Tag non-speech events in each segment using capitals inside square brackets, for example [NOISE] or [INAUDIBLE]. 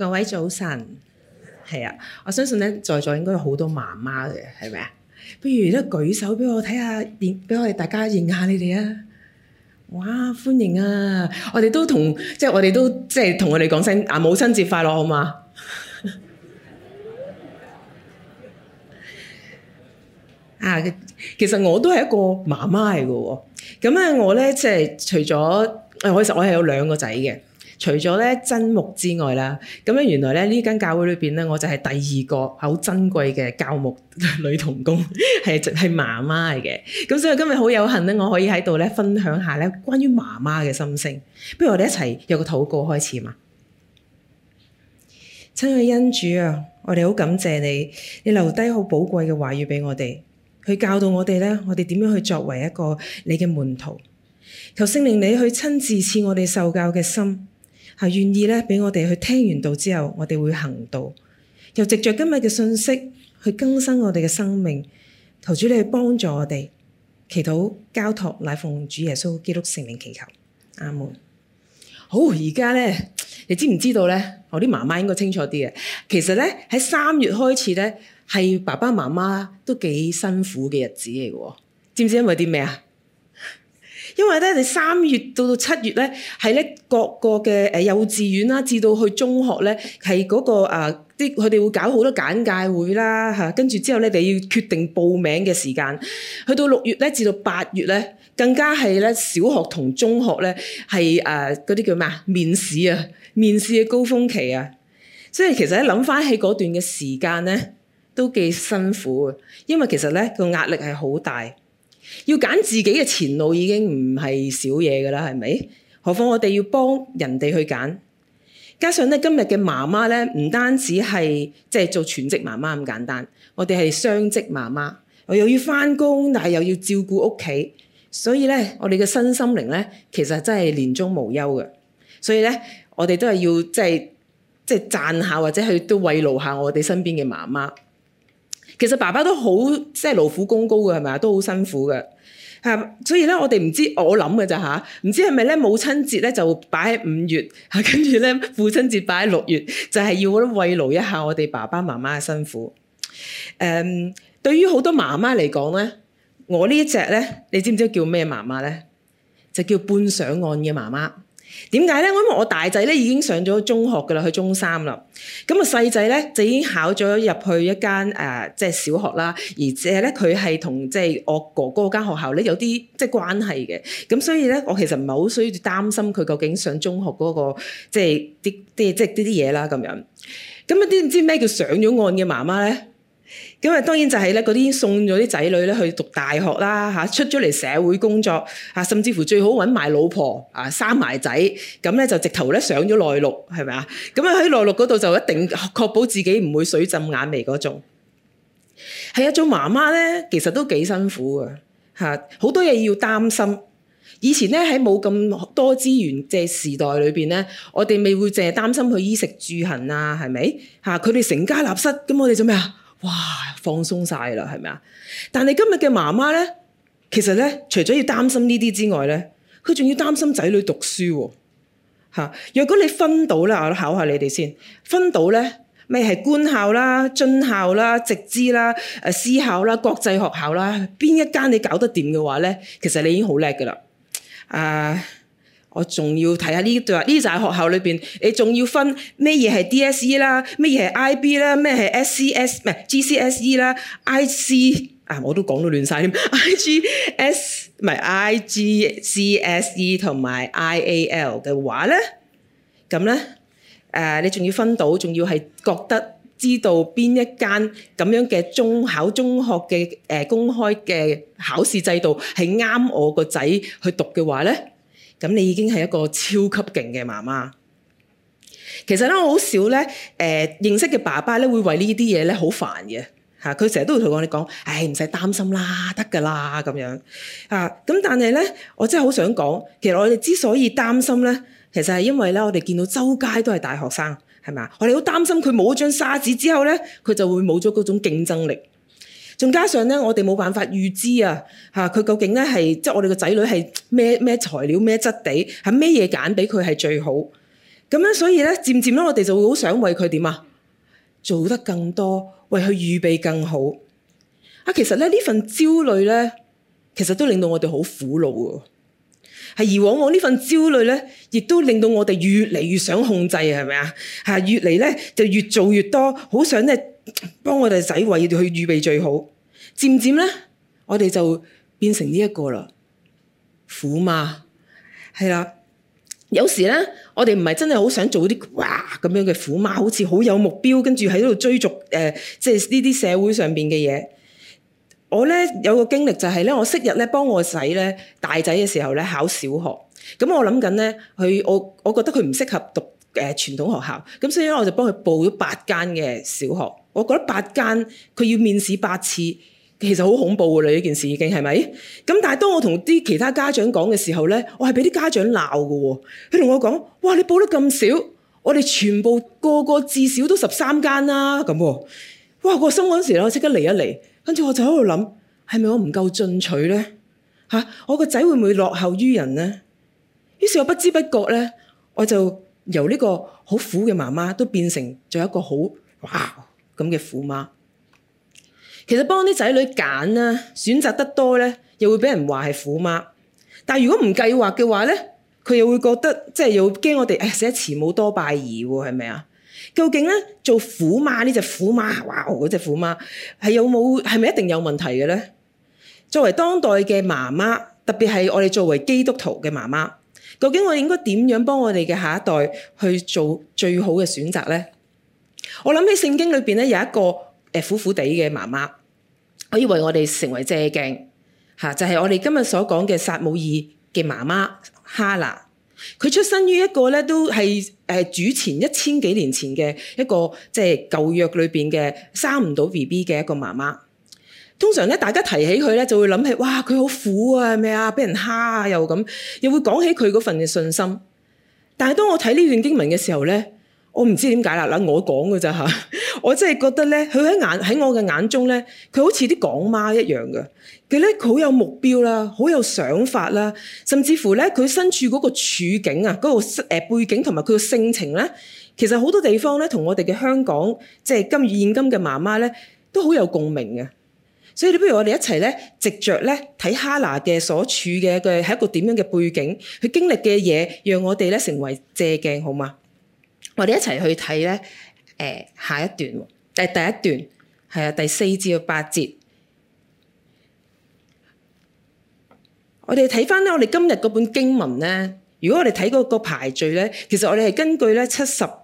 各位早晨，係啊！我相信咧在座應該有好多媽媽嘅，係咪啊？不如咧舉手畀我睇下，畀我哋大家認下你哋啊！哇，歡迎啊！我哋都同即係我哋都即係同我哋講聲母親節快樂，好嘛？ [LAUGHS] 啊，其實我都係一個媽媽嚟嘅喎。咁咧我咧即係除咗，我其實我係有兩個仔嘅。除咗咧真木之外啦，咁咧原來咧呢間教會裏面咧，我就係第二個好珍貴嘅教牧女同工，係係媽媽嚟嘅。咁所以今日好有幸咧，我可以喺度咧分享下咧關於媽媽嘅心聲。不如我哋一齊有個禱告開始嘛。親愛的恩主啊，我哋好感謝你，你留低好寶貴嘅話語俾我哋，去教導我哋咧，我哋點樣去作為一個你嘅門徒。求聖靈你去親自賜我哋受教嘅心。係願意咧，俾我哋去聽完道之後，我哋會行道，又藉着今日嘅信息去更新我哋嘅生命，求主你去幫助我哋，祈禱交託乃奉主耶穌基督聖名祈求，阿門。好，而家咧，你知唔知道咧？我啲媽媽應該清楚啲嘅。其實咧，喺三月開始咧，係爸爸媽媽都幾辛苦嘅日子嚟嘅。知唔知因為啲咩啊？因為咧，你三月到到七月咧，係咧各個嘅誒幼稚園啦，至到去中學咧，係嗰個啊啲佢哋會搞好多簡介會啦嚇，跟住之後咧，你要決定報名嘅時間。去到六月咧，至到八月咧，更加係咧小學同中學咧係誒嗰啲叫咩啊，面試啊面試嘅高峰期啊，所以其實咧諗翻起嗰段嘅時間咧，都幾辛苦啊，因為其實咧個壓力係好大。要揀自己嘅前路已經唔係少嘢㗎喇，係咪？何況我哋要幫人哋去揀，加上咧今日嘅媽媽咧，唔單止係即係做全職媽媽咁簡單，我哋係雙職媽媽，我又要返工，但係又要照顧屋企，所以咧我哋嘅身心靈咧，其實真係年終無休嘅，所以咧我哋都係要即係即係讚下或者去都慰勞下我哋身邊嘅媽媽。其實爸爸都好即係勞苦功高嘅，係咪？都好辛苦嘅吓。所以咧，我哋唔知我諗嘅咋吓，唔知係咪咧母親節咧就擺喺五月，跟住咧父親節擺喺六月，就係、是、要慰勞一下我哋爸爸媽媽嘅辛苦。誒、嗯，對於好多媽媽嚟講咧，我呢一隻咧，你知唔知叫咩媽媽咧？就叫半上岸嘅媽媽。點解咧？因為我大仔咧已經上咗中學噶啦，去中三啦。咁啊細仔咧就已經考咗入去一間誒，即係小學啦。而且咧佢係同即係我哥哥間學校咧有啲即係關係嘅。咁所以咧我其實唔係好需要擔心佢究竟上中學嗰個即係啲啲即係啲啲嘢啦咁樣。咁啊啲唔知咩叫上咗岸嘅媽媽咧？咁啊，當然就係咧，嗰啲送咗啲仔女咧去讀大學啦，出咗嚟社會工作，甚至乎最好搵埋老婆啊，生埋仔，咁咧就直頭咧上咗內陸，係咪啊？咁啊喺內陸嗰度就一定確保自己唔會水浸眼眉嗰種，係啊，做媽媽咧，其實都幾辛苦嘅，好多嘢要擔心。以前咧喺冇咁多資源嘅時代裏面咧，我哋未會淨係擔心佢衣食住行啊，係咪？佢哋成家立室，咁我哋做咩啊？哇，放鬆晒啦，係咪啊？但係今日嘅媽媽咧，其實咧，除咗要擔心呢啲之外咧，佢仲要擔心仔女讀書喎。啊啊，如若果你分到呢，我考下你哋先。分到咧，咪係官校啦、津校啦、直資啦、誒私校啦、國際學校啦，邊一間你搞得掂嘅話咧，其實你已經好叻㗎啦。啊我仲要睇下呢對話，呢就係學校裏邊。你仲要分咩嘢係 DSE 啦，咩嘢係 IB 啦，咩係 SCE 唔係 GCSE 啦，I C 啊，我都講到亂晒添，IGS 唔係 IGCSE 同埋 IAL 嘅話咧，咁咧、呃、你仲要分到，仲要係覺得知道邊一間咁樣嘅中考中學嘅、呃、公開嘅考試制度係啱我個仔去讀嘅話咧，咁你已經係一個超級勁嘅媽媽。其實咧，我好少咧，誒、呃、認識嘅爸爸咧，會為呢啲嘢咧好煩嘅嚇。佢成日都會同我哋講：唉、哎，唔使擔心啦，得㗎啦咁樣嚇。咁、啊、但係咧，我真係好想講，其實我哋之所以擔心咧，其實係因為咧，我哋見到周街都係大學生，係咪啊？我哋好擔心佢冇咗張沙紙之後咧，佢就會冇咗嗰種競爭力。仲加上咧，我哋冇辦法預知啊，嚇，佢究竟咧係即係我哋個仔女係咩咩材料、咩質地，係咩嘢揀俾佢係最好。咁樣所以咧，漸漸咧，我哋就會好想為佢點啊，做得更多，為佢預備更好。啊，其實咧呢份焦慮咧，其實都令到我哋好苦惱喎。係而往往呢份焦慮咧，亦都令到我哋越嚟越想控制，係咪啊？嚇，越嚟咧就越做越多，好想咧幫我哋仔為佢預備最好。漸漸咧，我哋就變成呢一個啦，虎媽係啦。有時咧，我哋唔係真係好想做啲哇咁樣嘅虎媽，好似好有目標，跟住喺度追逐、呃、即係呢啲社會上面嘅嘢。我咧有個經歷就係、是、咧，我昔日咧幫我仔咧大仔嘅時候咧考小學，咁我諗緊咧佢，我我覺得佢唔適合讀、呃、傳統學校，咁所以咧我就幫佢報咗八間嘅小學。我覺得八間，佢要面試八次。其實好恐怖㗎啦！呢件事已經係咪？咁但係當我同啲其他家長講嘅時候咧，我係俾啲家長鬧㗎喎。佢同我講：哇！你報得咁少，我哋全部個個至少都十三間啦、啊！咁、啊，哇！個心嗰陣時呢，我即刻嚟一嚟，跟住我就喺度諗：係咪我唔夠進取咧、啊？我個仔會唔會落後於人咧？於是我不知不覺咧，我就由呢個好苦嘅媽媽都變成咗一個好哇咁嘅苦媽。其實幫啲仔女揀呀，選擇得多咧，又會俾人話係虎媽。但係如果唔計劃嘅話咧，佢又會覺得即係又會驚我哋誒慈母多敗兒喎，係咪啊？究竟咧，做虎媽呢隻虎媽，哇！嗰隻虎媽係有冇係咪一定有問題嘅咧？作為當代嘅媽媽，特別係我哋作為基督徒嘅媽媽，究竟我哋應該點樣幫我哋嘅下一代去做最好嘅選擇咧？我諗起聖經裏面咧，有一個誒、呃、苦苦地嘅媽媽。可以為我哋成為借鏡就係、是、我哋今日所講嘅撒母耳嘅媽媽哈拿。佢出身於一個咧都係主前一千幾年前嘅一個即係、就是、舊約裏面嘅生唔到 BB 嘅一個媽媽。通常咧，大家提起佢咧就會諗起哇，佢好苦啊，咩啊，俾人蝦啊，又咁，又會講起佢嗰份嘅信心。但係當我睇呢段經文嘅時候咧，我唔知點解啦，嗱我講嘅咋嚇。我真係覺得咧，佢喺眼喺我嘅眼中咧，佢好似啲港媽一樣嘅。佢咧，佢好有目標啦，好有想法啦，甚至乎咧，佢身處嗰個處境啊，嗰、誒個背景同埋佢嘅性情咧，其實好多地方咧，同我哋嘅香港即係今、現今嘅媽媽咧，都好有共鳴嘅。所以你不如我哋一齊咧，藉着咧睇哈拿嘅所處嘅佢係一個點樣嘅背景，佢經歷嘅嘢，讓我哋咧成為借鏡，好嗎？我哋一齊去睇咧。誒下一段，第第一段係啊第四至到八節，我哋睇翻咧，我哋今日嗰本經文咧，如果我哋睇嗰個排序咧，其實我哋係根據咧七十誒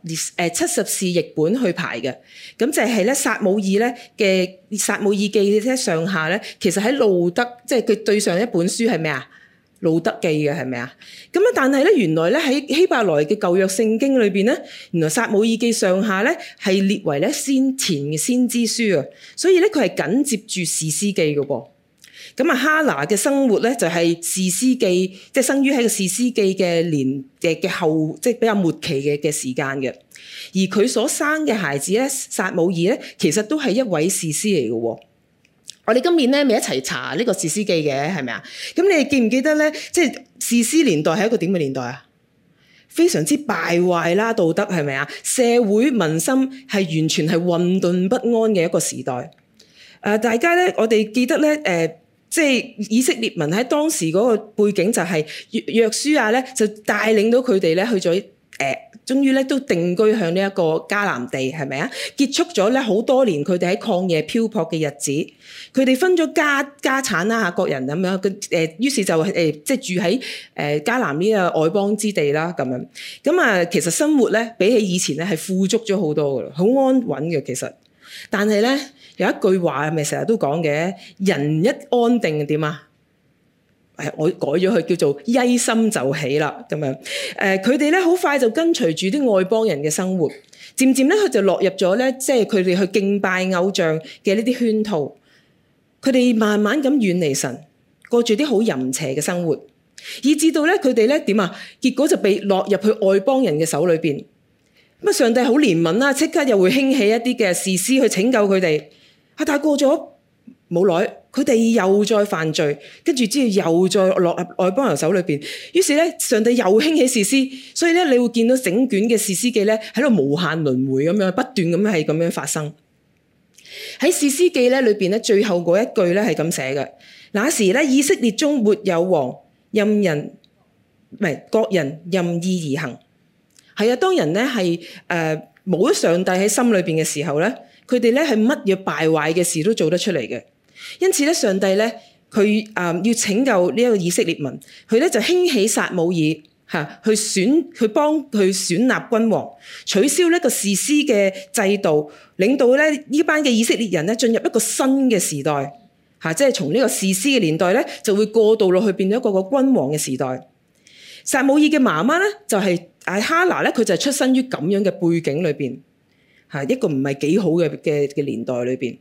七十士譯本去排嘅，咁就係咧撒母耳咧嘅撒母耳記嘅上下咧，其實喺路德即係佢對上一本書係咩啊？路德記嘅係咪啊？咁啊，但係咧，原來咧喺希伯來嘅舊約聖經裏邊咧，原來撒母耳記上下咧係列為咧先前嘅先知書啊，所以咧佢係緊接住士師記嘅噃。咁啊，哈拿嘅生活咧就係士師記，即係生於喺個士師記嘅年嘅嘅後，即係比較末期嘅嘅時間嘅。而佢所生嘅孩子咧，撒母耳咧，其實都係一位士師嚟嘅喎。我哋今年咧未一齊查呢個士師記嘅，係咪啊？咁你哋記唔記得咧？即係士師年代係一個點嘅年代啊？非常之敗壞啦，道德係咪啊？社會民心係完全係混沌不安嘅一個時代。呃、大家咧，我哋記得咧、呃，即係以色列民喺當時嗰個背景就係約約書亞咧，就帶領到佢哋咧去咗終於咧都定居向呢一個迦南地，係咪啊？結束咗咧好多年佢哋喺曠野漂泊嘅日子，佢哋分咗家家產啦嚇，各人咁樣，於是就、呃、即係住喺誒迦南呢個外邦之地啦咁樣。咁啊，其實生活咧比起以前咧係富足咗好多嘅，好安穩嘅其實。但係咧有一句話係咪成日都講嘅，人一安定點啊？我改咗佢叫做依心就起啦咁樣。誒，佢哋咧好快就跟隨住啲外邦人嘅生活，漸漸咧佢就落入咗咧，即係佢哋去敬拜偶像嘅呢啲圈套。佢哋慢慢咁遠離神，過住啲好淫邪嘅生活，以至到咧佢哋咧點啊？結果就被落入去外邦人嘅手裏面。咁啊，上帝好憐憫啦，即刻又會興起一啲嘅士師去拯救佢哋。啊，但係過咗冇耐。佢哋又再犯罪，跟住之後又再落入外邦人手裏邊。於是咧，上帝又興起士師，所以咧，你會見到整卷嘅士師記咧喺度無限輪迴咁樣不斷咁係咁樣發生。喺士師記咧裏邊咧，最後嗰一句咧係咁寫嘅：那時咧以色列中沒有王，任人唔係各人任意而行。係啊，當人咧係誒冇咗上帝喺心裏邊嘅時候咧，佢哋咧係乜嘢敗壞嘅事都做得出嚟嘅。因此咧，上帝咧，佢啊要拯救呢一個以色列民，佢咧就興起撒母耳嚇，去選佢幫佢選立君王，取消呢個士師嘅制度，令到咧呢班嘅以色列人咧進入一個新嘅時代嚇，即係從呢個士師嘅年代咧就會過渡落去變咗一個個君王嘅時代。撒母耳嘅媽媽咧就係、是、阿哈拿。咧，佢就係出身於咁樣嘅背景裏邊嚇，一個唔係幾好嘅嘅嘅年代裏邊，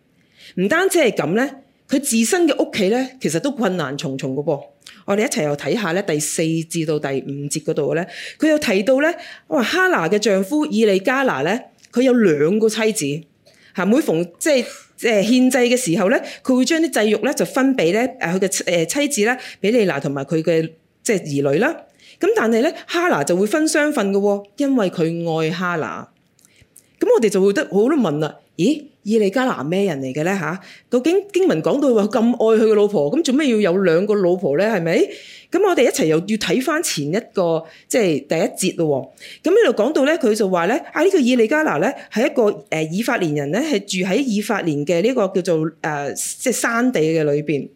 唔單止係咁咧。佢自身嘅屋企咧，其實都困難重重嘅噃。我哋一齊又睇下咧第四至到第五節嗰度呢，咧，佢又提到咧，我話哈拿嘅丈夫以利加拿咧，佢有兩個妻子吓。每逢即係即、呃、獻祭嘅時候咧，佢會將啲祭肉咧就分俾咧誒佢嘅妻子咧比利娜同埋佢嘅即係兒女啦。咁但係咧哈拿就會分雙份嘅喎，因為佢愛哈拿。咁我哋就會得好多問啦，咦？以利加拿咩人嚟嘅咧嚇？究竟經文講到佢話咁愛佢嘅老婆，咁做咩要有兩個老婆咧？係咪？咁我哋一齊又要睇翻前一個即係第一節咯。咁呢度講到咧，佢就話咧啊，呢、這個以利加拿咧係一個誒、呃、以法蓮人咧，係住喺以法蓮嘅呢個叫做誒、呃、即係山地嘅裏邊。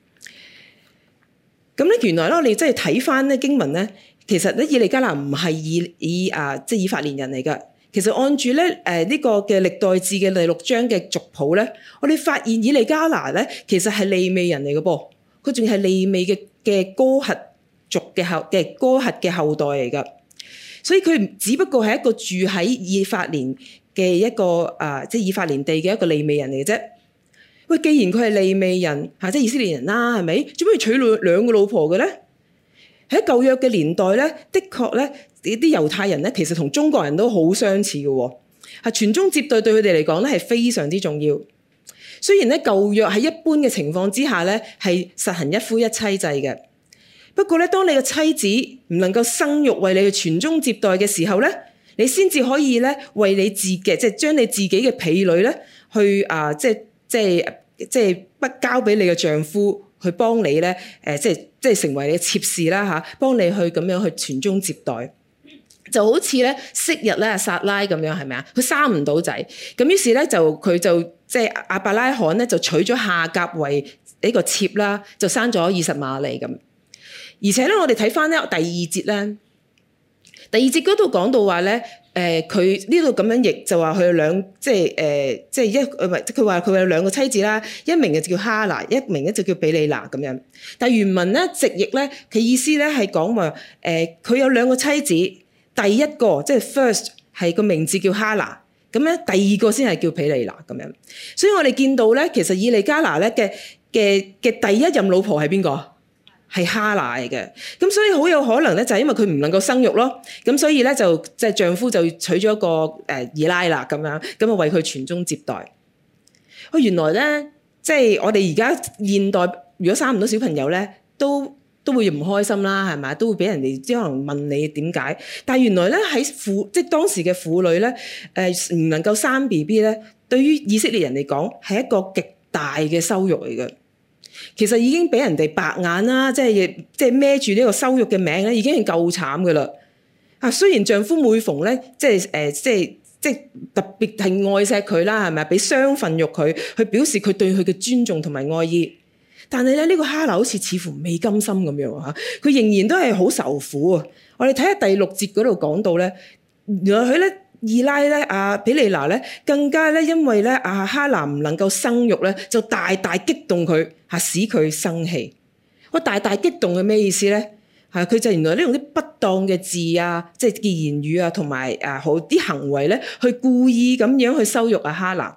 咁咧原來咧，我哋真係睇翻咧經文咧，其實咧以利加拿唔係以以啊即係以法蓮人嚟嘅。其實按住咧，誒呢個嘅歷代志嘅第六章嘅族譜咧，我哋發現以利加拿咧，其實係利未人嚟嘅噃，佢仲係利未嘅嘅哥轄族嘅後嘅哥轄嘅後代嚟㗎，所以佢只不過係一個住喺以法蓮嘅一個啊，即係以法蓮地嘅一個利未人嚟嘅啫。喂，既然佢係利未人或者，即係以色列人啦，係咪？做咩要娶兩兩個老婆嘅咧？喺舊約嘅年代咧，的確咧。呢啲猶太人咧，其實同中國人都好相似嘅喎，係傳宗接代對佢哋嚟講咧，係非常之重要。雖然咧舊約喺一般嘅情況之下咧係實行一夫一妻制嘅，不過咧當你嘅妻子唔能夠生育為你去傳宗接代嘅時候咧，你先至可以咧為你自嘅，即係將你自己嘅婢女咧去啊，即係即係即係不交俾你嘅丈夫去幫你咧，誒即係即係成為你嘅妾侍啦吓，幫你去咁樣去傳宗接代。就好似咧，昔日咧撒拉咁樣，係咪啊？佢生唔到仔，咁於是咧就佢就即係阿伯拉罕咧就娶咗夏甲為呢個妾啦，就生咗二十馬利咁。而且咧，我哋睇翻咧第二節咧，第二節嗰度講到話咧，佢呢度咁樣譯就話佢有兩即係、呃、即係一係佢話佢有兩個妻子啦，一名就叫哈娜，一名咧就叫比利娜咁樣。但原文咧直譯咧，其意思咧係講話佢有兩個妻子。第一個即係 first 係個名字叫哈拿，咁咧第二個先係叫毗利拿。咁樣。所以我哋見到咧，其實以利加拿咧嘅嘅嘅第一任老婆係邊個？係哈拿嚟嘅，咁所以好有可能咧，就係因為佢唔能夠生育咯，咁所以咧就即係丈夫就娶咗一個誒二奶啦咁樣，咁、呃、啊為佢傳宗接代。啊，原來咧即係我哋而家現代如果生唔到小朋友咧，都。都會唔開心啦，係咪？都會俾人哋即係可能問你點解？但係原來咧喺婦，即係當時嘅婦女咧，誒唔能夠生 B B 咧，對於以色列人嚟講係一個極大嘅羞辱嚟嘅。其實已經俾人哋白眼啦，即係即係孭住呢個羞辱嘅名咧，已經係夠慘噶啦。啊，雖然丈夫每逢咧，即係誒，即係即係特別係愛錫佢啦，係咪啊？俾雙份肉佢，去表示佢對佢嘅尊重同埋愛意。但係咧，呢個哈拿好似似乎未甘心咁樣嚇，佢仍然都係好受苦啊！我哋睇下第六節嗰度講到咧，原來佢咧二奶咧阿比利娜咧更加咧，因為咧阿哈拿唔能夠生育咧，就大大激動佢、啊、使佢生氣。我大大激動係咩意思咧？嚇、啊，佢就原來呢用啲不當嘅字啊，即係嘅言語啊，同埋啊好啲行為咧，去故意咁樣去羞辱阿哈拿。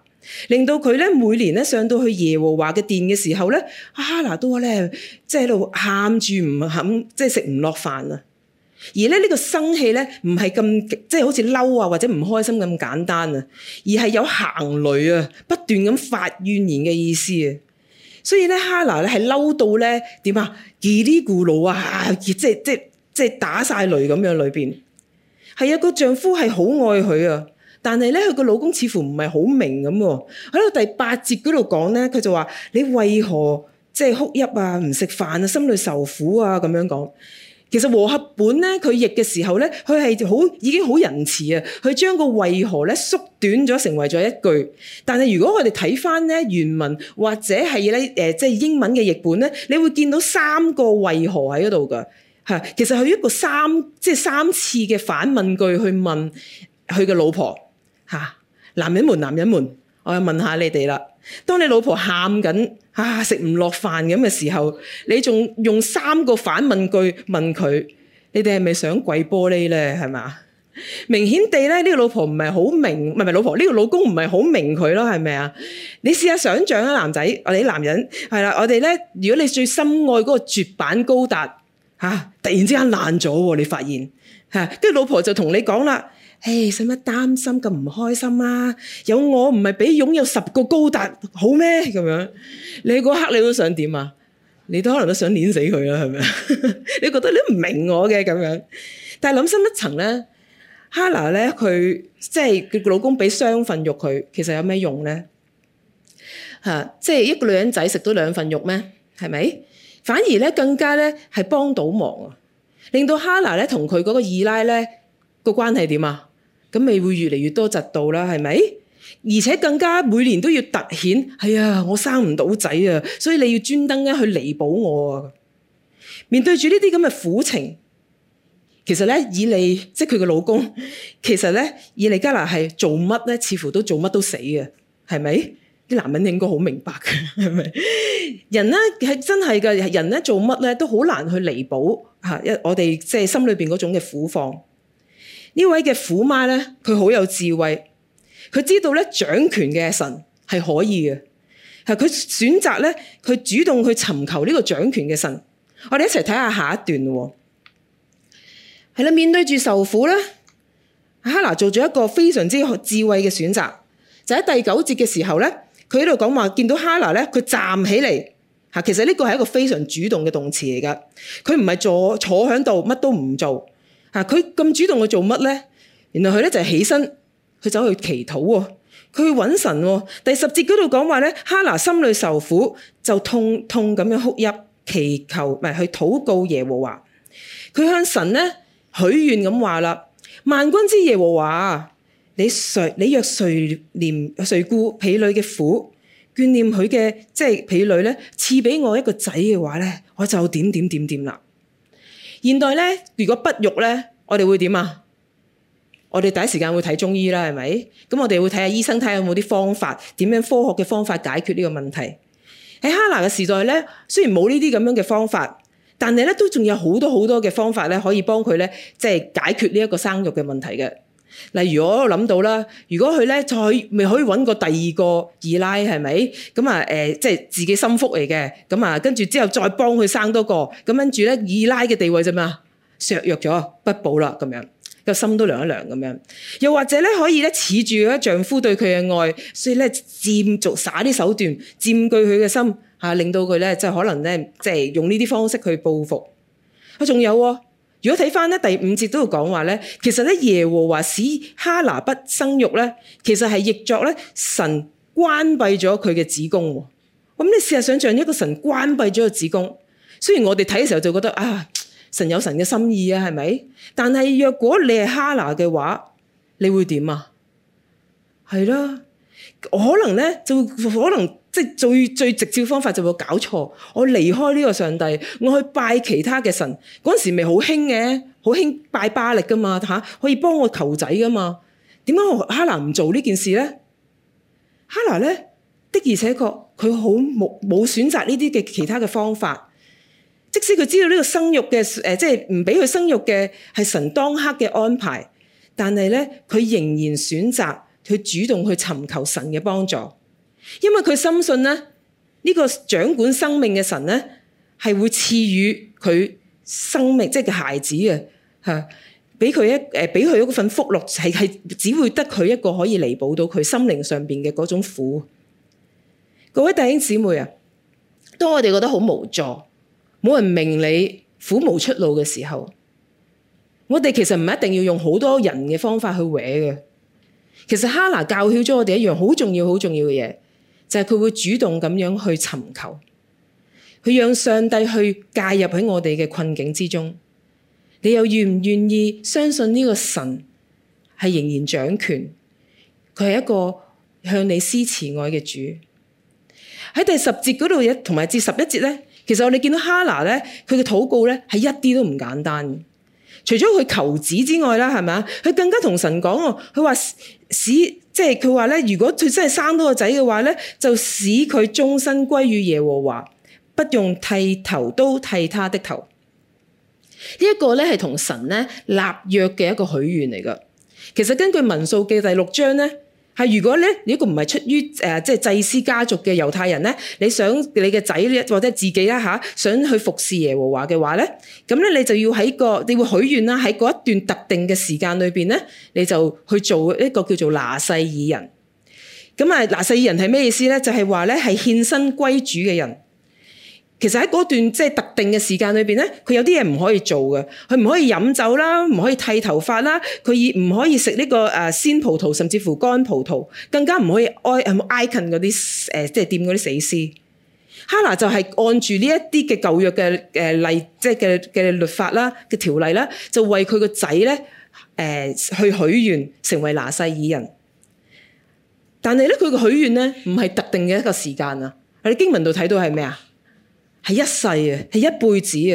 令到佢咧每年咧上到去耶和華嘅殿嘅時候咧，哈拿都咧即係喺度喊住唔肯，即係食唔落飯啊。而咧呢個生氣咧唔係咁即係好似嬲啊或者唔開心咁簡單啊，而係有行雷啊，不斷咁發怨言嘅意思啊。所以咧哈拿咧係嬲到咧點啊，嘰哩咕嚕啊，即係即係即係打晒雷咁樣裏邊。係啊，個丈夫係好愛佢啊。但係咧，佢個老公似乎唔係好明咁喎。喺度第八節嗰度講咧，佢就話：你為何即係哭泣啊？唔食飯啊？心裏受苦啊？咁樣講。其實和合本咧，佢譯嘅時候咧，佢係好已經好仁慈啊！佢將個為何咧縮短咗，成為咗一句。但係如果我哋睇翻咧原文或者係咧誒即係英文嘅譯本咧，你會見到三個為何喺嗰度噶嚇。其實佢一個三即係三次嘅反問句去問佢嘅老婆。啊、男人們，男人們，我又問下你哋啦。當你老婆喊緊啊，食唔落飯咁嘅時候，你仲用三個反問句問佢：你哋係咪想跪玻璃咧？係咪啊？明顯地咧，呢、呢個老婆唔係好明，唔、啊、係老婆呢、呢個老公唔係好明佢咯，係咪啊？你試下想像啊，男仔，我哋啲男人係啦，我哋咧，如果你最深愛嗰個絕版高達嚇、啊、突然之間爛咗，你發現嚇，跟住、啊、老婆就同你講啦。.誒，使乜擔心，咁唔開心啊？有我唔係比擁有十個高達好咩？咁樣你嗰刻你都想點啊？你都可能都想碾死佢啦，係咪啊？ [LAUGHS] 你覺得你都唔明我嘅咁樣，但係諗深一層咧，哈娜咧，佢即係佢老公俾雙份肉佢，其實有咩用咧？吓，即係一個女人仔食到兩份肉咩？係咪？反而咧，更加咧，係幫到忙啊，令到哈娜咧同佢嗰個二奶咧個關係點啊？咁咪會越嚟越多疾道啦，係咪？而且更加每年都要突顯，哎啊，我生唔到仔啊，所以你要專登咧去彌補我啊！面對住呢啲咁嘅苦情，其實咧以利即係佢嘅老公，其實咧以利加拿係做乜咧，似乎都做乜都死嘅，係咪？啲男人應該好明白嘅，係咪？人咧係真係嘅，人咧做乜咧都好難去彌補嚇，一我哋即係心裏面嗰種嘅苦況。呢位嘅苦媽咧，佢好有智慧，佢知道咧掌權嘅神係可以嘅，佢選擇咧，佢主動去尋求呢個掌權嘅神。我哋一齊睇下下一段喎。係啦，面對住受苦咧，哈拿做咗一個非常之智慧嘅選擇，就喺第九節嘅時候咧，佢喺度講話，見到哈拿咧，佢站起嚟，其實呢個係一個非常主動嘅動詞嚟噶，佢唔係坐坐喺度乜都唔做。啊！佢咁主動去做乜咧？原來佢咧就是、起身，佢走去祈禱喎，佢去揾神喎、哦。第十節嗰度講話咧，哈娜心裏受苦，就痛痛咁樣哭泣、祈求，唔去禱告耶和華。佢向神咧許願咁話啦：萬君之耶和華，你你若垂憐垂顧婢女嘅苦，眷念佢嘅即係婢女咧，賜俾我一個仔嘅話咧，我就點點點點啦。現代咧，如果不育咧，我哋會點啊？我哋第一時間會睇中醫啦，係咪？咁我哋會睇下醫生，睇下有冇啲方法，點樣科學嘅方法解決呢個問題？喺哈拿嘅時代咧，雖然冇呢啲咁樣嘅方法，但係咧都仲有好多好多嘅方法咧，可以幫佢咧，即係解決呢一個生育嘅問題嘅。例如我諗到啦，如果佢咧再未可以搵個第二個二奶係咪？咁啊誒，即係自己的心腹嚟嘅。咁啊，跟住之後再幫佢生多個。咁跟住咧，二奶嘅地位啫嘛，削弱咗，不保啦咁樣，個心都涼一涼咁樣。又或者咧，可以咧恃住咧丈夫對佢嘅愛，所以咧漸逐耍啲手段，佔據佢嘅心嚇，令到佢咧即係可能咧即係用呢啲方式去報復。啊，仲有喎、啊。如果睇翻咧第五節都會講話咧，其實咧耶和華使哈拿不生育咧，其實係譯作咧神關閉咗佢嘅子宮。咁、嗯、你試下想像一個神關閉咗個子宮，雖然我哋睇嘅時候就覺得啊，神有神嘅心意啊，係咪？但係若果你係哈拿嘅話，你會點啊？係啦，可能咧就可能。即係最最直接方法就會搞錯。我離開呢個上帝，我去拜其他嘅神嗰陣時，咪好興嘅，好興拜巴力噶嘛、啊、可以幫我求仔噶嘛？點解我哈拿唔做呢件事咧？哈拿咧的而且確佢好冇冇選擇呢啲嘅其他嘅方法。即使佢知道呢個生育嘅誒，即係唔俾佢生育嘅係神當刻嘅安排，但係咧佢仍然選擇去主動去尋求神嘅幫助。因為佢深信咧，呢、這個掌管生命嘅神咧，係會賜予佢生命，即係個孩子嘅吓，俾佢一誒，俾佢一份福樂，係係只會得佢一個可以彌補到佢心靈上邊嘅嗰種苦。各位弟兄姊妹啊，當我哋覺得好無助，冇人明你苦無出路嘅時候，我哋其實唔一定要用好多人嘅方法去搲嘅。其實哈拿教曉咗我哋一樣好重要、好重要嘅嘢。就係佢會主動咁樣去尋求，佢讓上帝去介入喺我哋嘅困境之中。你又願唔願意相信呢個神係仍然掌權？佢係一個向你施慈愛嘅主。喺第十節嗰度同埋至十一節咧，其實我哋見到哈拿咧，佢嘅禱告咧係一啲都唔簡單。除咗佢求子之外啦，係咪啊？佢更加同神講，佢話使。即係佢話咧，如果佢真係生到個仔嘅話咧，就使佢終身歸於耶和華，不用剃頭都剃他的頭。呢、這個、一個咧係同神咧立約嘅一個許願嚟噶。其實根據民數記第六章咧。係，如果咧你呢個唔係出於誒即係祭司家族嘅猶太人咧，你想你嘅仔或者自己啦吓想去服侍耶和華嘅話咧，咁咧你就要喺個你會許願啦，喺嗰一段特定嘅時間裏面咧，你就去做一個叫做拿細耳人。咁啊，拿細耳人係咩意思咧？就係話咧係獻身歸主嘅人。其實喺嗰段即係特定嘅時間裏面咧，佢有啲嘢唔可以做嘅，佢唔可以飲酒啦，唔可以剃頭髮啦，佢亦唔可以食呢個誒鮮葡萄，甚至乎乾葡萄，更加唔可以挨挨近嗰啲即係掂嗰啲死屍。哈拿就係按住呢一啲嘅舊約嘅誒例，即係嘅嘅律法啦、嘅條例啦，就為佢個仔咧去許願成為拿細耳人。但係咧，佢嘅許願咧唔係特定嘅一個時間啊！喺經文度睇到係咩啊？係一世啊，係一輩子啊！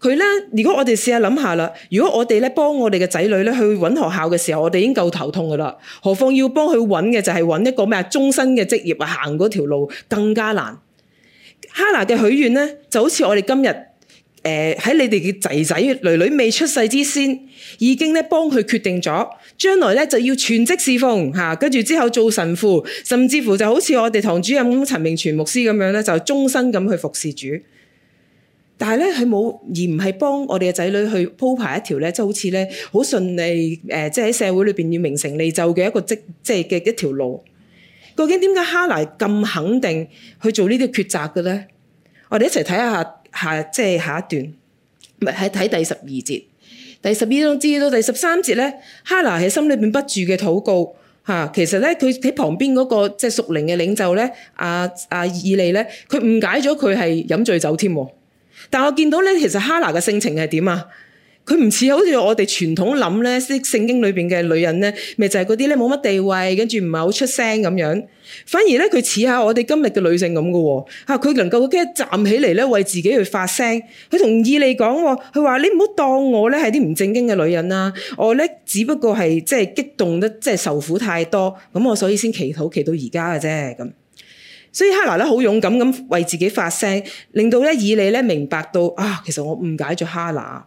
佢咧，如果我哋試下諗下啦，如果我哋咧幫我哋嘅仔女咧去揾學校嘅時候，我哋已經夠頭痛噶啦，何況要幫佢揾嘅就係、是、揾一個咩啊，終身嘅職業啊，行嗰條路更加難。哈拿嘅許願咧，就好似我哋今日誒喺你哋嘅仔仔、女女未出世之先，已經咧幫佢決定咗。將來咧就要全職侍奉，跟住之後做神父，甚至乎就好似我哋堂主任咁，陳明全牧師咁樣咧，就終身咁去服侍主。但係咧，佢冇而唔係幫我哋嘅仔女去鋪排一條咧，即係好似咧好順利，即係喺社會裏面要名成利就嘅一個即係嘅一條路。究竟點解哈拿咁肯定去做呢啲抉擇嘅咧？我哋一齊睇下下，即係下一段，唔係喺睇第十二節。第十二章至到第十三節咧，哈拿喺心裏邊不住嘅禱告，嚇，其實咧佢喺旁邊嗰、那個即係屬靈嘅領袖咧，阿阿以利咧，佢誤解咗佢係飲醉酒添，但我見到咧，其實哈拿嘅性情係點啊？佢唔似好似我哋傳統諗咧，啲聖經裏面嘅女人咧，咪就係嗰啲咧冇乜地位，跟住唔係好出聲咁樣。反而咧佢似下我哋今日嘅女性咁嘅喎，佢能夠佢今日站起嚟咧，為自己去發聲。佢同以利講，佢話：你唔好當我咧係啲唔正經嘅女人啦，我咧只不過係即係激動得即係受苦太多，咁我所以先祈禱祈到而家嘅啫咁。所以哈拿咧好勇敢咁為自己發聲，令到咧以利咧明白到啊，其實我誤解咗哈拿。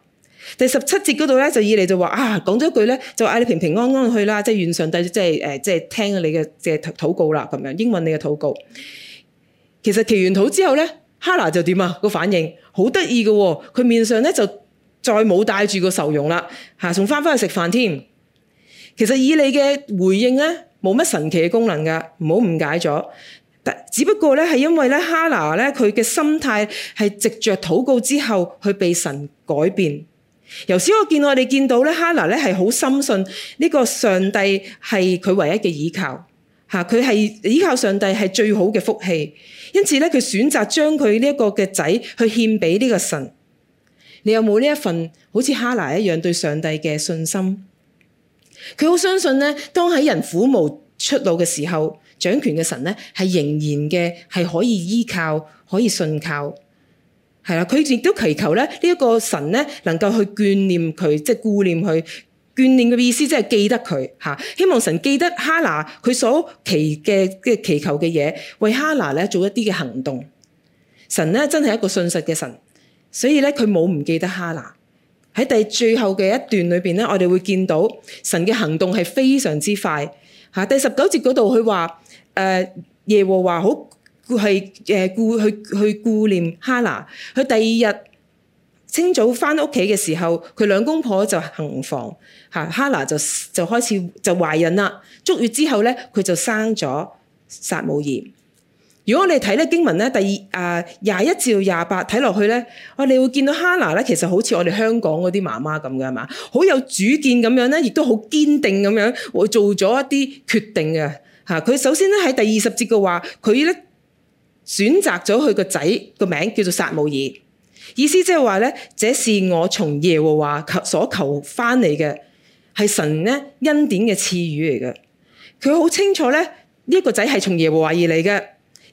第十七節嗰度咧就以利就話啊，講咗一句咧，就嗌你平平安安去啦，即係願上帝即係誒、呃、即係聽下你嘅即係禱告啦咁樣，英文應允你嘅禱告。其實祈完禱之後咧，哈拿就點啊？個反應好得意嘅喎，佢面上咧就再冇帶住個愁容啦嚇，仲翻返去食飯添。其實以利嘅回應咧冇乜神奇嘅功能噶，唔好誤解咗。但只不過咧係因為咧哈拿咧佢嘅心態係藉着禱告之後去被神改變。由此我見，我哋見到咧，哈拿咧係好深信呢個上帝係佢唯一嘅依靠，吓佢係依靠上帝係最好嘅福氣，因此咧佢選擇將佢呢一個嘅仔去獻俾呢個神。你有冇呢一份好似哈拿一樣對上帝嘅信心？佢好相信咧，當喺人苦無出路嘅時候，掌權嘅神咧係仍然嘅係可以依靠，可以信靠。係啦，佢亦都祈求咧，呢一個神咧能夠去眷念佢，即係顧念佢，眷念嘅意思即係記得佢吓，希望神記得哈拿。佢所祈嘅，即係祈求嘅嘢，為哈拿咧做一啲嘅行動。神咧真係一個信實嘅神，所以咧佢冇唔記得哈拿。喺第最後嘅一段裏邊咧，我哋會見到神嘅行動係非常之快吓。第十九節嗰度佢話，誒，耶和華好。佢係誒顧去去顧念哈娜，佢第二日清早翻屋企嘅時候，佢兩公婆就行房嚇，哈娜就就開始就懷孕啦。足月之後咧，佢就生咗撒母耳。如果我哋睇咧經文咧，第二誒廿一至到廿八睇落去咧，我哋會見到哈娜咧，其實好似我哋香港嗰啲媽媽咁嘅係嘛，好有主見咁樣咧，亦都好堅定咁樣，我做咗一啲決定嘅嚇。佢首先咧喺第二十節嘅話，佢咧。選擇咗佢個仔個名叫做撒母耳，意思即係話咧，這是我從耶和華求所求翻嚟嘅，係神咧恩典嘅賜予嚟嘅。佢好清楚咧，呢個仔係從耶和華而嚟嘅，呢、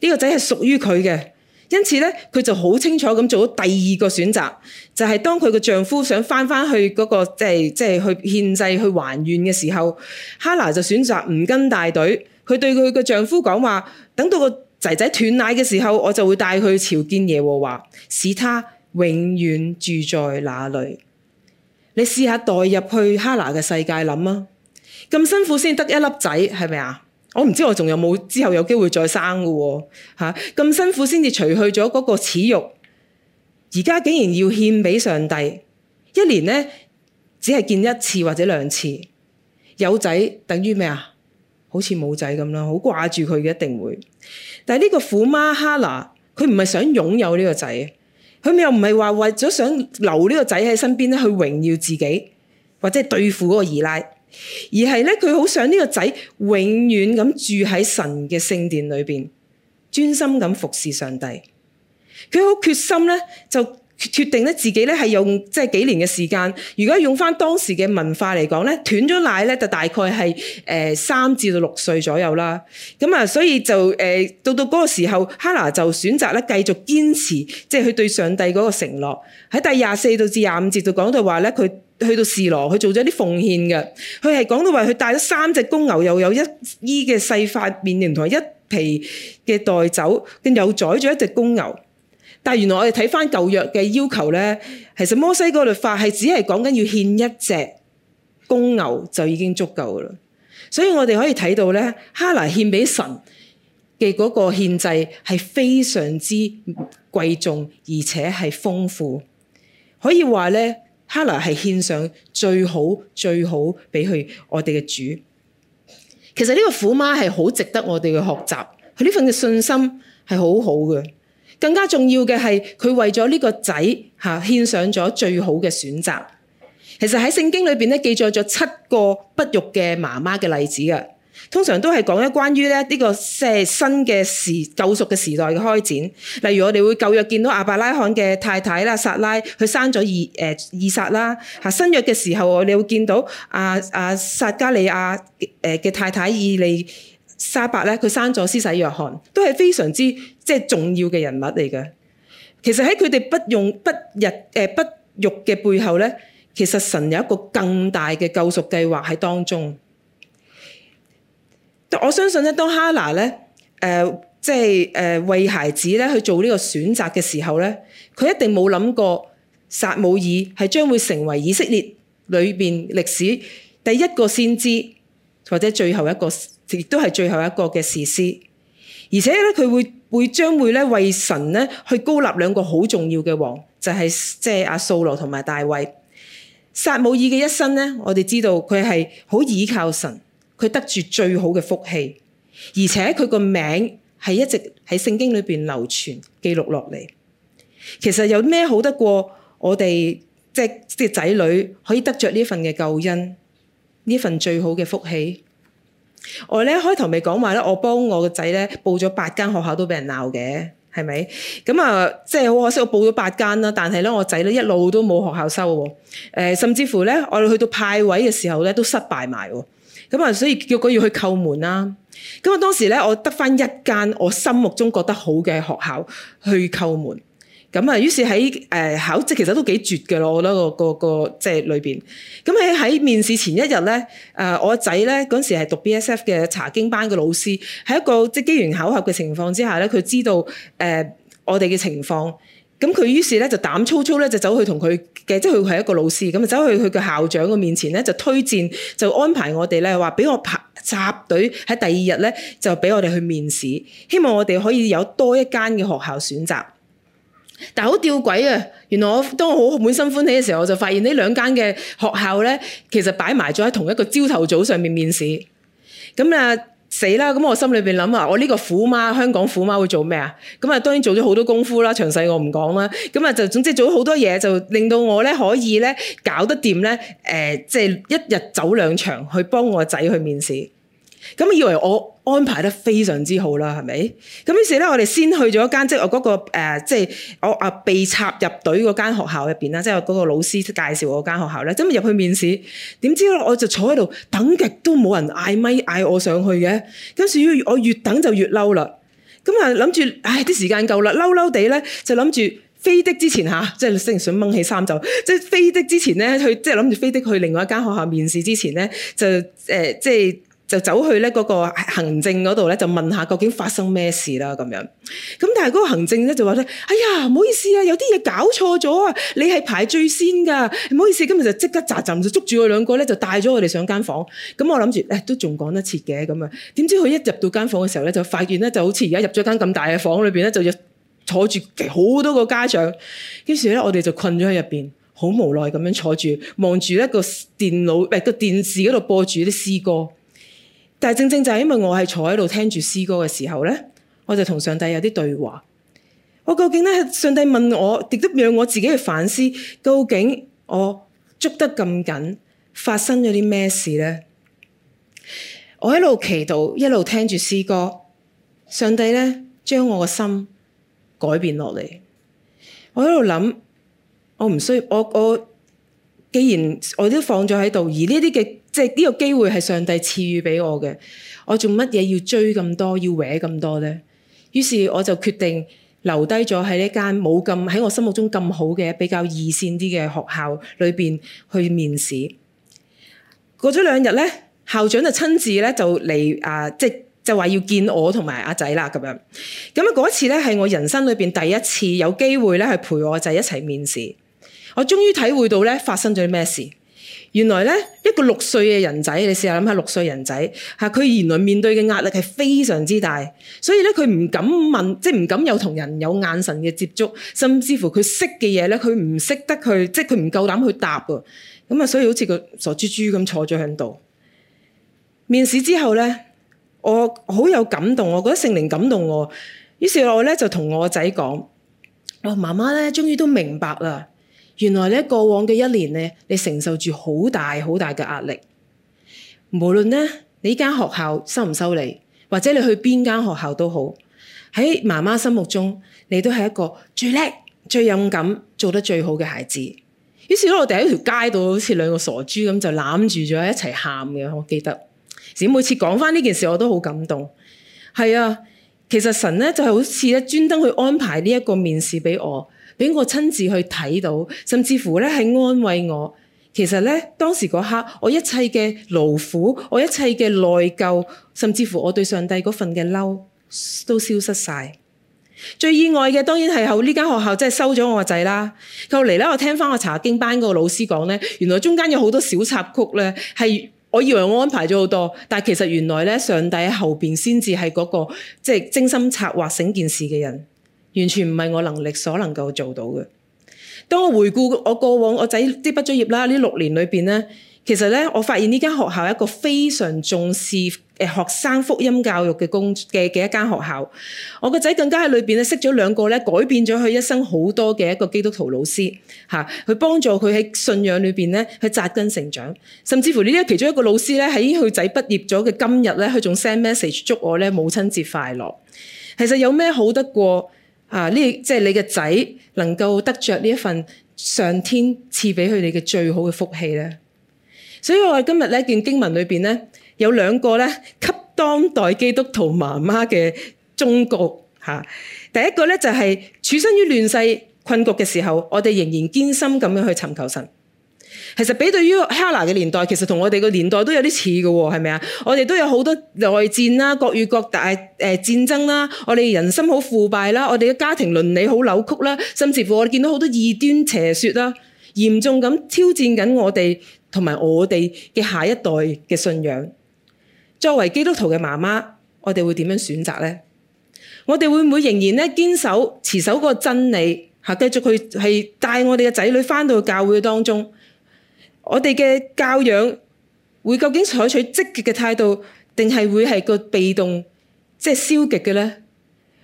這個仔係屬於佢嘅，因此咧，佢就好清楚咁做咗第二個選擇，就係、是、當佢個丈夫想翻翻去嗰、那個即係即係去獻祭去還願嘅時候，哈拿就選擇唔跟大隊，佢對佢個丈夫講話，等到個。仔仔斷奶嘅時候，我就會帶佢朝見耶和華，使他永遠住在那裏。你試下代入去哈拿嘅世界諗啊，咁辛苦先得一粒仔，係咪啊？我唔知我仲有冇之後有機會再生嘅喎嚇，咁辛苦先至除去咗嗰個恥辱，而家竟然要獻俾上帝，一年呢，只係見一次或者兩次，有仔等於咩啊？好似冇仔咁啦，好掛住佢嘅，一定會。但係呢個苦媽哈娜，佢唔係想擁有呢個仔，佢又唔係話為咗想留呢個仔喺身邊咧去榮耀自己，或者係對付嗰個二奶，而係咧佢好想呢個仔永遠咁住喺神嘅聖殿裏邊，專心咁服侍上帝。佢好決心咧就。決定咧自己咧係用即係幾年嘅時間。如果用返當時嘅文化嚟講咧，斷咗奶咧就大概係誒三至到六歲左右啦。咁啊，所以就誒到到嗰個時候，哈拿就選擇咧繼續堅持，即係佢對上帝嗰個承諾。喺第廿四到至廿五節度講到話咧，佢去到示羅，佢做咗啲奉獻嘅。佢係講到話佢帶咗三隻公牛，又有一伊法嘅細塊麵糧同埋一皮嘅袋酒，跟又宰咗一隻公牛。但係原來我哋睇翻舊約嘅要求咧，其實摩西嗰個律法係只係講緊要獻一隻公牛就已經足夠噶啦。所以我哋可以睇到咧，哈拿獻俾神嘅嗰個獻祭係非常之貴重，而且係豐富。可以話咧，哈拿係獻上最好最好俾佢我哋嘅主。其實呢個苦媽係好值得我哋嘅學習，佢呢份嘅信心係好好嘅。更加重要嘅係佢為咗呢個仔嚇，獻上咗最好嘅選擇。其實喺聖經裏面咧，記載咗七個不育嘅媽媽嘅例子嘅。通常都係講一關於咧呢個即係新嘅時救贖嘅時代嘅開展。例如我哋會舊約見到亞伯拉罕嘅太太啦，撒拉，佢生咗以、誒、以撒啦。嚇新約嘅時候，我哋會見到阿、啊、阿、啊、撒迦利亞嘅太太以利。沙伯咧，佢生咗施洗約翰，都係非常之即係重要嘅人物嚟嘅。其實喺佢哋不用不日誒、呃、不育嘅背後咧，其實神有一個更大嘅救贖計劃喺當中。我相信咧，當哈拿咧誒即係誒為孩子咧去做呢個選擇嘅時候咧，佢一定冇諗過撒母耳係將會成為以色列裏邊歷史第一個先知。或者最後一個，亦都係最後一個嘅士師，而且咧佢會會將會咧為神咧去膏立兩個好重要嘅王，就係即係阿掃羅同埋大衛。撒母耳嘅一生咧，我哋知道佢係好倚靠神，佢得住最好嘅福氣，而且佢個名係一直喺聖經裏邊流傳記錄落嚟。其實有咩好得過我哋即係啲仔女可以得着呢一份嘅救恩？呢份最好嘅福氣，我咧開頭未講話咧，我幫我個仔咧報咗八間學校都俾人鬧嘅，係咪？咁啊，即係好可惜，我報咗八間啦，但係咧，我仔咧一路都冇學校收喎。呃，甚至乎咧，我哋去到派位嘅時候咧，都失敗埋喎。咁啊，所以叫佢要去叩門啦。咁啊，當時咧，我得返一間我心目中覺得好嘅學校去叩門。咁啊，於是喺考，即其實都幾絕嘅咯。我覺得個個個即係裏面。咁喺喺面試前一日咧，誒我仔咧嗰陣時係讀 BSF 嘅查經班嘅老師，喺一個即機緣巧合嘅情況之下咧，佢知道誒我哋嘅情況，咁佢於是咧就膽粗粗咧就走去同佢嘅，即係佢係一個老師咁啊，走去佢嘅校長嘅面前咧就推薦，就安排我哋咧話俾我集隊喺第二日咧就俾我哋去面試，希望我哋可以有多一間嘅學校選擇。但係好吊詭啊！原來我當我好滿心歡喜嘅時候，我就發現呢兩間嘅學校咧，其實擺埋咗喺同一個朝頭早上面面試。咁啊死啦！咁我心裏面諗啊，我呢個虎媽，香港虎媽會做咩啊？咁啊當然做咗好多功夫啦，詳細我唔講啦。咁啊就總之做咗好多嘢，就令到我咧可以咧搞得掂咧誒，即係一日走兩場去幫我仔去面試。咁啊以為我。安排得非常之好啦，係咪？咁於是咧，我哋先去咗一間，即係我嗰、嗰個誒、呃，即係我啊被插入隊嗰間學校入邊啦，即係我嗰個老師介紹我間學校咧，即係入去面試。點知咧，我就坐喺度等極都冇人嗌咪嗌我上去嘅。跟住越我越等就越嬲啦。咁啊諗住，唉啲時間夠啦，嬲嬲地咧就諗住飛的之前嚇、啊，即係想掹起衫袖，即係飛的之前咧，去即係諗住飛的去另外一間學校面試之前咧，就誒、呃、即係。就走去咧嗰個行政嗰度咧，就問下究竟發生咩事啦咁樣。咁但係嗰個行政咧就話咧，哎呀，唔好意思啊，有啲嘢搞錯咗啊！你係排最先㗎，唔好意思，今日就即刻扎陣就捉住我兩個咧，就帶咗我哋上間房。咁我諗住咧都仲講得切嘅咁啊。點知佢一入到間房嘅時候咧，就發現咧就好似而家入咗間咁大嘅房裏面咧，就坐住好多個家長。於是咧，我哋就困咗喺入面，好無奈咁樣坐住，望住一個電腦唔係，哎，個電視嗰度播住啲詩歌。但係正正就係因為我係坐喺度聽住詩歌嘅時候咧，我就同上帝有啲對話。我究竟咧，上帝問我，亦都讓我自己去反思，究竟我捉得咁緊，發生咗啲咩事咧？我一路祈禱，一路聽住詩歌，上帝咧將我個心改變落嚟。我喺度諗，我唔需要，我我既然我都放咗喺度，而呢啲嘅。即係呢個機會係上帝賜予俾我嘅，我做乜嘢要追咁多，要搲咁多咧？於是我就決定留低咗喺呢間冇咁喺我心目中咁好嘅比較二線啲嘅學校裏邊去面試。過咗兩日咧，校長就親自咧就嚟啊，即係、呃、就話要見我同埋阿仔啦咁樣。咁啊嗰次咧係我人生裏邊第一次有機會咧係陪我仔一齊面試。我終於體會到咧發生咗啲咩事。原來咧一個六歲嘅人仔，你試下諗下六歲人仔，吓，佢原來面對嘅壓力係非常之大，所以咧佢唔敢問，即係唔敢有同人有眼神嘅接觸，甚至乎佢識嘅嘢咧，佢唔識得去，即係佢唔夠膽去答喎。咁啊，所以好似個傻豬豬咁坐咗喺度。面試之後咧，我好有感動，我覺得聖靈感動我，於是我咧就同我仔講，我媽媽咧終於都明白啦。原來咧過往嘅一年咧，你承受住好大好大嘅壓力。無論咧你呢間學校收唔收你，或者你去邊間學校都好，喺媽媽心目中，你都係一個最叻、最勇敢、做得最好嘅孩子。於是咧，我哋喺條街度好似兩個傻豬咁就攬住咗一齊喊嘅。我記得，自己每次講翻呢件事，我都好感動。係啊，其實神咧就係好似咧專登去安排呢一個面試俾我。俾我親自去睇到，甚至乎咧係安慰我。其實咧，當時嗰刻，我一切嘅勞苦，我一切嘅內疚，甚至乎我對上帝嗰份嘅嬲，都消失晒。最意外嘅當然係後呢間學校真係收咗我個仔啦。後嚟咧，我聽翻我查經班個老師講咧，原來中間有好多小插曲咧，係我以為我安排咗好多，但係其實原來咧，上帝喺後面先至係嗰個即係、就是、精心策劃整件事嘅人。完全唔係我能力所能夠做到嘅。當我回顧我過往我仔啲畢咗業啦，呢六年裏邊咧，其實咧，我發現呢間學校是一個非常重視誒學生福音教育嘅工嘅嘅一間學校。我個仔更加喺裏邊咧識咗兩個咧改變咗佢一生好多嘅一個基督徒老師，嚇佢幫助佢喺信仰裏邊咧去扎根成長，甚至乎呢啲其中一個老師咧喺佢仔畢業咗嘅今日咧，佢仲 send message 祝我咧母親節快樂。其實有咩好得過？啊！呢即係你嘅仔能夠得着呢一份上天賜俾佢哋嘅最好嘅福氣咧。所以我哋今日呢一段經文裏面咧有兩個咧給當代基督徒媽媽嘅忠告。啊，第一個咧就係處身於亂世困局嘅時候，我哋仍然堅心咁樣去尋求神。其實比對於 Hannah 嘅年代，其實同我哋個年代有點是是都有啲似嘅喎，係咪啊？我哋都有好多內戰啦、國與國大誒戰爭啦，我哋人心好腐敗啦，我哋嘅家庭倫理好扭曲啦，甚至乎我哋見到好多異端邪說啦，嚴重咁挑戰緊我哋同埋我哋嘅下一代嘅信仰。作為基督徒嘅媽媽，我哋會點樣選擇呢？我哋會唔會仍然咧堅守持守嗰個真理，嚇繼續去係帶我哋嘅仔女返到教會當中？我哋嘅教養會究竟採取積極嘅態度，定係會係個被動即係消極嘅咧？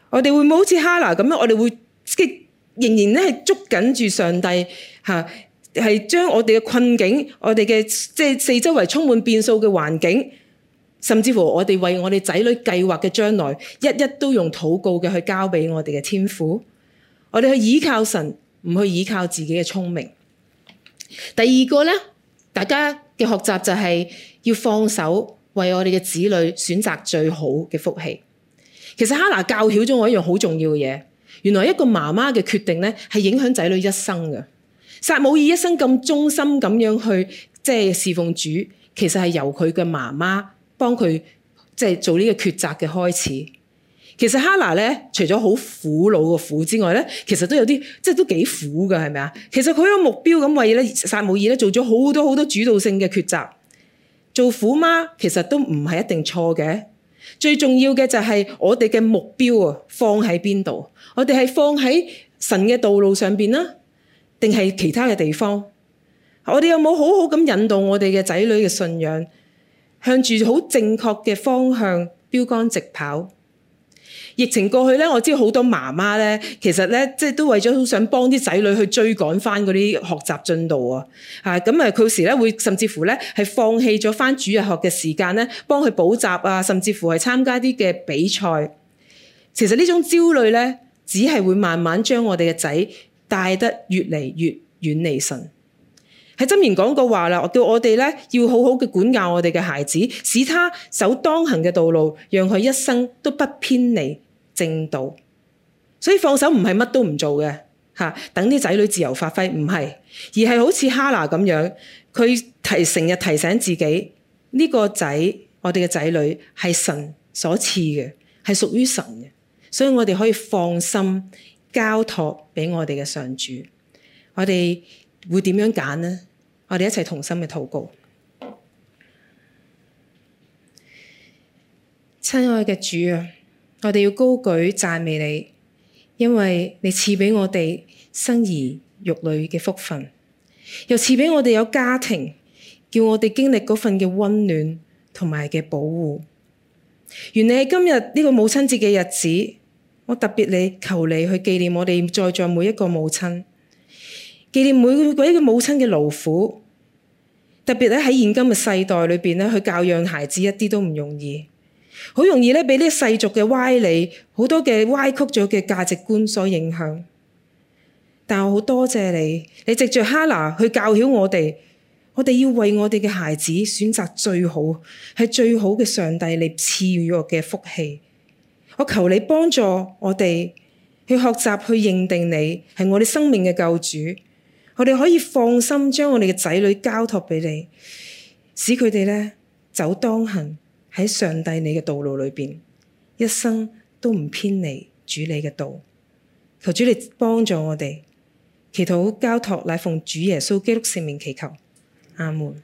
我哋會唔會好似哈拿咁樣？我哋會即仍然咧係捉緊住上帝吓，係將我哋嘅困境、我哋嘅即係四周圍充滿變數嘅環境，甚至乎我哋為我哋仔女計劃嘅將來，一一都用禱告嘅去交俾我哋嘅天父，我哋去倚靠神，唔去倚靠自己嘅聰明。第二個咧，大家嘅學習就係要放手，為我哋嘅子女選擇最好嘅福氣。其實哈拿教曉咗我一樣好重要嘅嘢，原來一個媽媽嘅決定咧，係影響仔女一生嘅。撒母耳一生咁忠心咁樣去侍奉主，其實係由佢嘅媽媽幫佢做呢個抉擇嘅開始。其實哈拿咧，除咗好苦惱嘅苦之外咧，其實都有啲即係都幾苦㗎，係咪啊？其實佢有目標咁為咧撒母耳咧做咗好多好多主導性嘅抉擇，做苦媽其實都唔係一定錯嘅。最重要嘅就係我哋嘅目標啊，放喺邊度？我哋係放喺神嘅道路上邊啦，定係其他嘅地方？我哋有冇好好咁引導我哋嘅仔女嘅信仰，向住好正確嘅方向標竿直跑？疫情過去咧，我知好多媽媽咧，其實咧即係都為咗好想幫啲仔女去追趕翻嗰啲學習進度啊！咁啊，佢時咧會甚至乎咧係放棄咗翻主日學嘅時間咧，幫佢補習啊，甚至乎係參加啲嘅比賽。其實呢種焦慮咧，只係會慢慢將我哋嘅仔帶得越嚟越遠離神。喺箴言講過話啦，叫我我哋咧要好好嘅管教我哋嘅孩子，使他走當行嘅道路，讓佢一生都不偏離。正道，所以放手唔係乜都唔做嘅，吓等啲仔女自由發揮，唔係，而係好似哈拿咁樣，佢提成日提醒自己呢個仔，我哋嘅仔女係神所賜嘅，係屬於神嘅，所以我哋可以放心交託俾我哋嘅上主。我哋會點樣揀呢？我哋一齊同心嘅禱告，親愛嘅主啊！我哋要高舉讚美你，因為你賜畀我哋生兒育女嘅福分，又賜畀我哋有家庭，叫我哋經歷嗰份嘅溫暖同埋嘅保護。原嚟喺今日呢個母親節嘅日子，我特別嚟求你去紀念我哋在座每一個母親，紀念每一個母親嘅勞苦。特別咧喺現今嘅世代裏邊咧，去教養孩子一啲都唔容易。好容易咧，俾呢世俗嘅歪理、好多嘅歪曲咗嘅價值觀所影響。但我好多謝你，你藉住哈拿去教曉我哋，我哋要為我哋嘅孩子選擇最好，係最好嘅上帝嚟賜予我嘅福氣。我求你幫助我哋去學習，去認定你係我哋生命嘅救主。我哋可以放心將我哋嘅仔女交託俾你，使佢哋咧走當行。喺上帝你嘅道路裏邊，一生都唔偏離主你嘅道。求主你幫助我哋，祈禱交託，乃奉主耶穌基督聖名祈求，阿門。